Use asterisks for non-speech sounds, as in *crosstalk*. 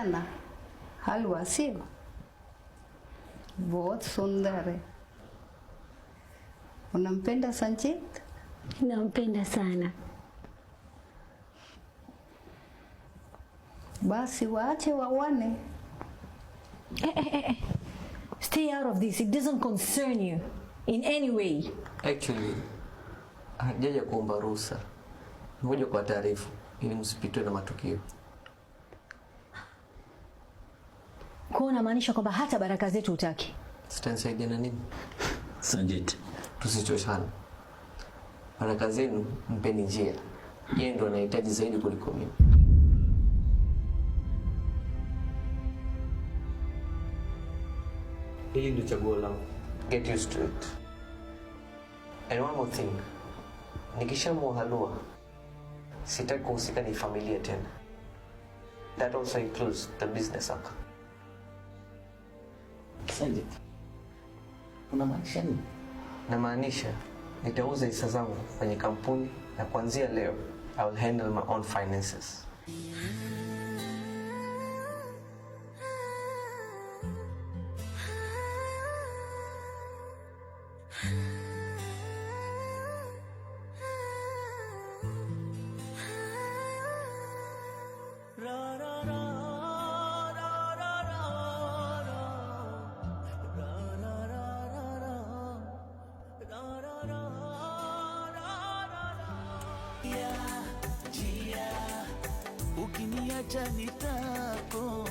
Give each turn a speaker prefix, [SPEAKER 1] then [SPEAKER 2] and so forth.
[SPEAKER 1] ना हलवा सेव बहुत सुंदर है unampenda Sanjit?
[SPEAKER 2] Nampenda sana.
[SPEAKER 1] Basi waache wawane.
[SPEAKER 3] Eh, eh, eh, eh. Stay out of this. It doesn't concern you in any way.
[SPEAKER 4] Actually, hajaja kuomba ruhusa. Ngoja kwa taarifa ili msipitwe na matukio.
[SPEAKER 2] Kwa hiyo unamaanisha kwamba hata baraka zetu utaki?
[SPEAKER 4] Sitanisaidia na nini? *laughs* Sanjit, tusichoshana. Baraka zenu mpeni njia, yeye ndo anahitaji zaidi kuliko mimi.
[SPEAKER 5] Hili ndio chaguo langu.
[SPEAKER 6] Get used to it. And one more thing. Nikishamua Halua, sitaki kuhusika ni familia tena. That also includes the business account.
[SPEAKER 4] Sanjit, unamaanisha nini?
[SPEAKER 6] Namaanisha nitauza hisa zangu kwenye kampuni na kuanzia leo I will handle my own finances. *laughs* Ya ni está